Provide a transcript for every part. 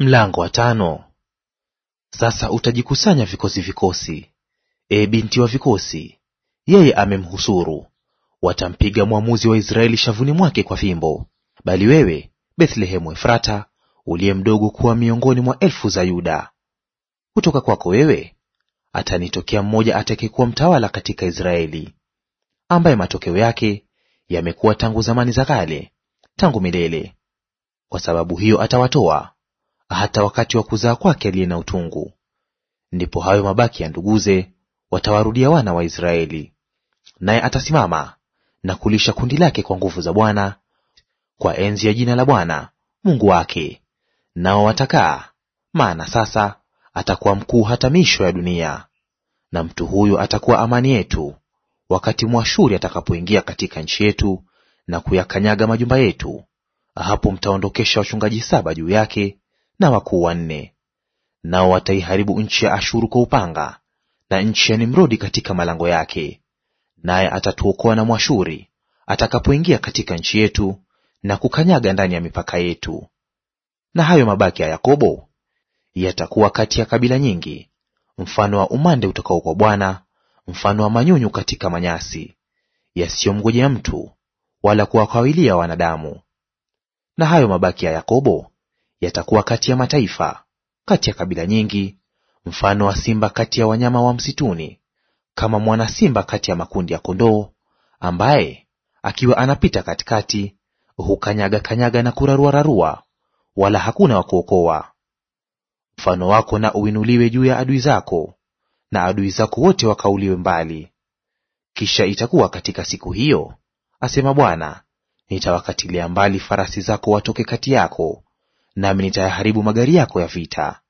Mlango wa tano. Sasa utajikusanya vikosi vikosi, e binti wa vikosi, yeye amemhusuru. Watampiga mwamuzi wa Israeli shavuni mwake kwa fimbo. Bali wewe Bethlehemu Efrata, uliye mdogo kuwa miongoni mwa elfu za Yuda, kutoka kwako wewe atanitokea mmoja atakayekuwa mtawala katika Israeli, ambaye matokeo yake yamekuwa tangu zamani za kale, tangu milele. Kwa sababu hiyo atawatoa hata wakati wa kuzaa kwake aliye na utungu. Ndipo hayo mabaki ya nduguze watawarudia wana wa Israeli, naye atasimama na kulisha kundi lake kwa nguvu za Bwana, kwa enzi ya jina la Bwana Mungu wake, nao watakaa, maana sasa atakuwa mkuu hata miisho ya dunia. Na mtu huyo atakuwa amani yetu, wakati Mwashuri atakapoingia katika nchi yetu na kuyakanyaga majumba yetu, hapo mtaondokesha wachungaji saba juu yake na wakuu wanne. Nao wataiharibu nchi ya Ashuru kwa upanga, na nchi ya Nimrodi katika malango yake. Naye atatuokoa na Mwashuri atakapoingia katika nchi yetu na kukanyaga ndani ya mipaka yetu. Na hayo mabaki ya Yakobo yatakuwa kati ya kabila nyingi, mfano wa umande utokao kwa Bwana, mfano wa manyunyu katika manyasi, yasiyomngojea mtu wala kuwakawilia wanadamu. Na hayo mabaki ya Yakobo yatakuwa kati ya mataifa, kati ya kabila nyingi, mfano wa simba kati ya wanyama wa msituni, kama mwana simba kati ya makundi ya kondoo, ambaye akiwa anapita katikati hukanyaga kanyaga na kurarua rarua, wala hakuna wa kuokoa. Mfano wako na uinuliwe juu ya adui zako, na adui zako wote wakauliwe mbali. Kisha itakuwa katika siku hiyo, asema Bwana, nitawakatilia mbali farasi zako watoke kati yako, nami nitayaharibu magari yako ya vita.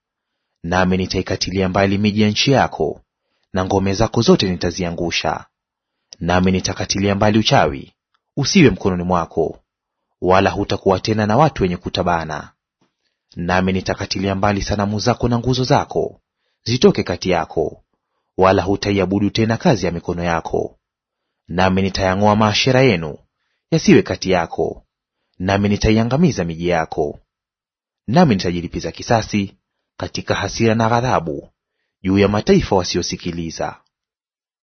Nami nitaikatilia mbali miji ya nchi yako, na ngome zako zote nitaziangusha. Nami nitakatilia mbali uchawi usiwe mkononi mwako, wala hutakuwa tena na watu wenye kutabana. Nami nitakatilia mbali sanamu zako na nguzo zako zitoke kati yako, wala hutaiabudu tena kazi ya mikono yako. Nami nitayang'oa maashera yenu yasiwe kati yako, nami nitaiangamiza miji yako nami nitajilipiza kisasi katika hasira na ghadhabu juu ya mataifa wasiosikiliza.